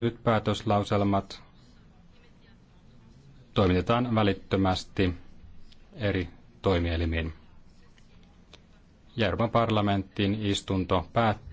Nyt päätöslauselmat toimitetaan välittömästi eri toimielimiin. Järvan parlamentin istunto päättyy.